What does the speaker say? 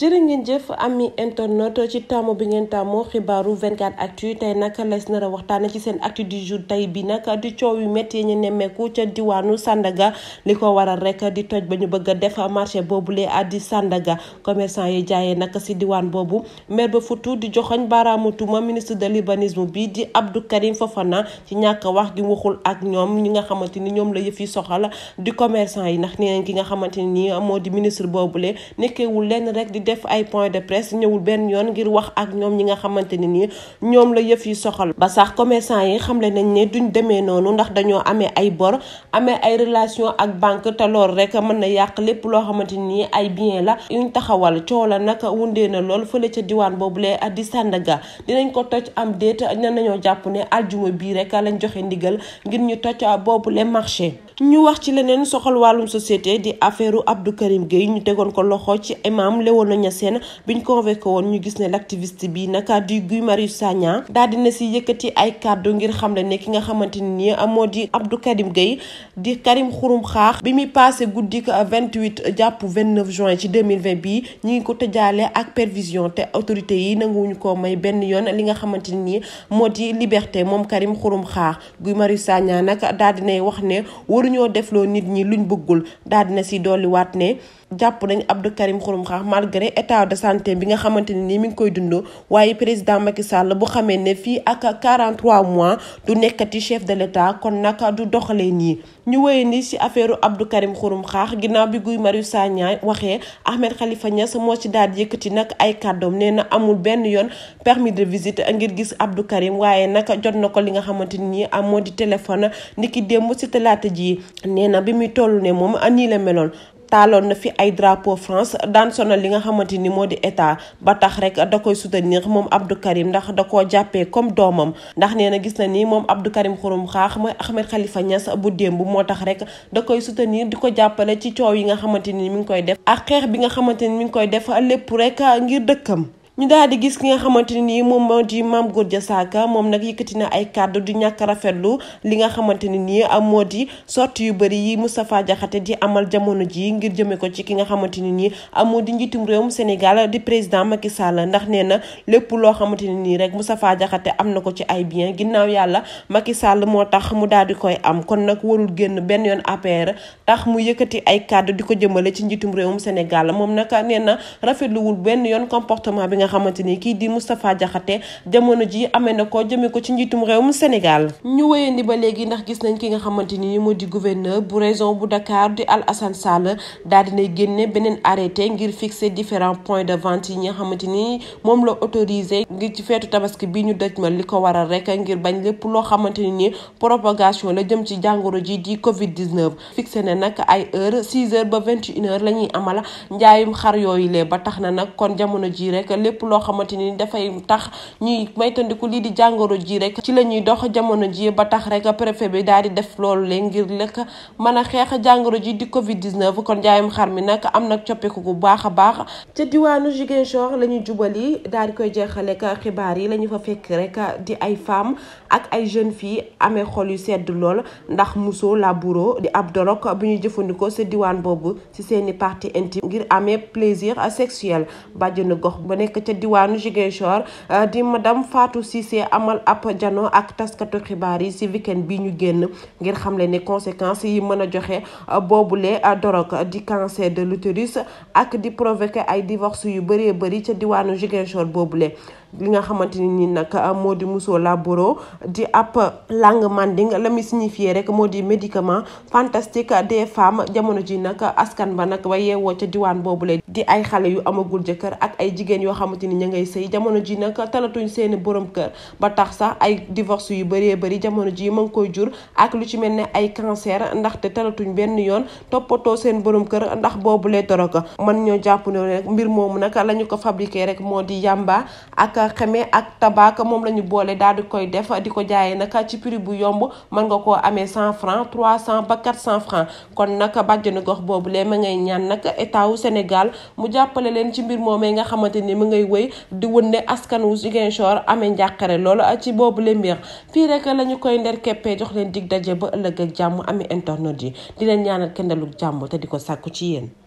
jërë ngeen jëf ami internet ci taamu bi ngeen taamu xibaaru 24 actu tey nag les nar a ci seen actu du jour tey bi nag di coow yu métti ñu nemmeeku ca diwaanu Sandaga li ko waral rek di toj ba ñu bëgg a def boobu lee di Sandaga commerçant yi jaayee nag si diwaan boobu maire ba futu di joxoñ baaraamu tuuma ministre de l'urbanisme bi di Abdou Karim Fofana ci ñàkk wax gi waxul ak ñoom ñi nga xamante ni ñoom la yëf yi soxla di commerçant yi ndax nee nañ nga xamante ni moo di ministre boobule nekkeewul def ay point de presse ñëwul benn yoon ngir wax ak ñoom ñi nga xamante ne nii ñoom la yëf yi soxal ba sax commerçant yi xamle nañ ne duñ demee noonu ndax dañoo amee ay bor amee ay relation ak banque te lool rek mën na yàq lépp loo xamante ni ay bien la yuñ taxawal coow la nag wundee na lool fële ca diwaan boobu lee di Sandaga dinañ ko toj am déet na nañoo jàpp ne aljuma bii rek lañ joxe ndigal ngir ñu toj boobu le marché ñu wax ci leneen soxal wàllum société di affaire Abdou Karim Gueye ñu tegoon ko loxo ci imam Léona Niassène biñ convoqué woon ñu gis ne l' activiste bi naka di Guy Marius Sagna daal dina si yëkkati ay kàddu ngir xam ne ki nga xamante ni moo di Abdou Karim Gueye di Karim Xurum Xaax bi muy passé guddik 28 jàpp 29 juin ci 2020 bi ñu ngi ko tëjaale ak pervision te autorité yi nanguwuñu ko may benn yoon li nga xamante ni moo di liberté moom Karim Xurum Xaax Guy Marius Sagna nag daal dinay wax ne ñoo defloo nit ñi luñ bëggul daal dina si dolliwaat ne jàpp nañ Abdou Karim Xrum Xax malgré état de santé bi nga xamante ne nii mi ngi koy dundoo waaye président Macky Sall bu xamee ne fii ak 43 mois du nekkati chef de l' état kon naka du doxalee nii. ñu wéyee ni ci affaire Abdou Karim Xrum Xax ginnaaw bi Guy Marius Sagna waxee Ahmed xalifa Niass moo ci daal di yëkkati nag ay kàddoom nee na amul benn yoon permis de a ngir gis Abdou Karim waaye naka jot na ko li nga xamante ni amoo di téléphone niki démb ci talaata ji nee na bi muy toll ne moom nii la meloon. taaloon na fi ay drapo France daan sonal li nga xamante ni moo di état ba tax rek da koy soutenir moom Abdou Karim ndax da koo jàppee comme doomam ndax nee na gis na nii moom Abdou Karim Xurum Xaax mooy Ahmed Khalifa Niass bu démb moo tax rek da koy soutenir di ko jàppale ci coow yi nga xamante ni mi ngi koy def ak xeex bi nga xamante ni mu ngi koy def lépp rek ngir dëkkam ñu daal di gis ki nga xamante ne nii moom moo di Mame Gor Diazaka moom nag yëkkati na ay kàddu du ñàkk rafetlu li nga xamante ne nii moo di sorti yu bëri yi Moustapha Diakhaté di amal jamono ji ngir jëme ko ci ki nga xamante ne nii moo di njiitum réewum Sénégal di président Macky Sall ndax nee na lépp loo xamante ne nii rek Moustapha Diakhaté am na ko ci ay bien ginnaaw yàlla Macky Sall moo tax mu daal di koy am kon nag warul génn benn yoon APR tax mu yëkkati ay kàddu di ko jëmale ci njiitum réewum Sénégal moom nag nee na rafetluwul benn yoon comportement bi nga xamante ni kii di Moustapha Diakhaté jamono ji amee na ko jëmee ko ci njiitum réew mu Sénégal ñu ni ba léegi ndax gis nañ ki nga xamante ni moo di gouverneur bu région bu Dakar di Alassane Sall daal dinay génne beneen arrêté ngir fixer différents points de vente yi nga xamante ni moom la autorisé ngir ci feetu tabaski bi ñu dëj ma li ko waral rek ngir bañ lépp loo xamante ni propagation la jëm ci jàngoro ji di Covid 19 fixé ne nak ay heure 6 heures ba 21 heures la ñuy amal njaayum xar yooyu ba tax na nag kon jamono ji rek lépp lépp loo xamante ni dafay tax ñuy maytandiku lii di jàngoro ji rek ci la ñuy dox jamono ji ba tax rek préfet bi daal di def loolu leen ngir lekk mën a xeex jàngoro ji di Covid 19 kon njaayam xar mi nag am nag coppeeku bu baax a baax ca diwaanu Ziguinchor la ñu jubali daal di koy jeexale ak xibaar yi la ñu fa fekk rek di ay femmes ak ay jeunes fii amee xol yu sedd lool ndax muso laburo di ab dorog bu ñuy jëfandikoo sa diwaan boobu ci seeni partie intime ngir amee plaisir sexuel bàjjenu gox ba nekk ca diwaanu Ziguinchor euh, di madame Fatou Cissé amal ab jano ak taskatu xibaar yi si weekend bi ñu génn ngir xamle ni conséquences yi mën a joxe euh, boobule euh, dorog di cancer de l'utérus ak di provoquer ay divorce yu bëree bëri ca diwaanu Ziguinchor boobule. li nga xamante ni nii nag ah, moo di Mousso Laboro di ab langue manding la muy signifié rek moo di médicament fantastique des femmes jamono ji nag askan ba nag ba yeewoo ca diwaan boobu boobule di ay xale yu amagul jëkkër ak ay jigéen yoo xamante ni ñu ngay sëy jamono ji nag talatuñ seeni borom kër ba tax sax ay divorce yu bëree bëri jamono ji ma ngi koy jur ak lu ci mel ne ay cancer ndaxte talatuñ benn yoon toppatoo seen borom kër ndax boobulee doro ko mën ñoo jàpp ne mbir moomu nag la ñu ko fabriqué rek moo di yàmba xeme ak tabak moom la ñu boole daal di koy def di ko jaayee nag ci prix bu yomb mën nga koo amee cent franc trois ba quatre cent franc kon nag bàjjenu gox boobu lee ma ngay ñaan nag état wu Sénégal mu jàppale leen ci mbir moomee nga xamante ni mu ngay wëy di wënde askan wu Ziguinchor amee njàqare loolu ci boobu le mbir fii rek la ñu koy nder keppee jox leen dig daje ba ëllëg ak jàmm amee internet yi di leen ñaanal kendalug jàmm te di ko sàkku ci yéen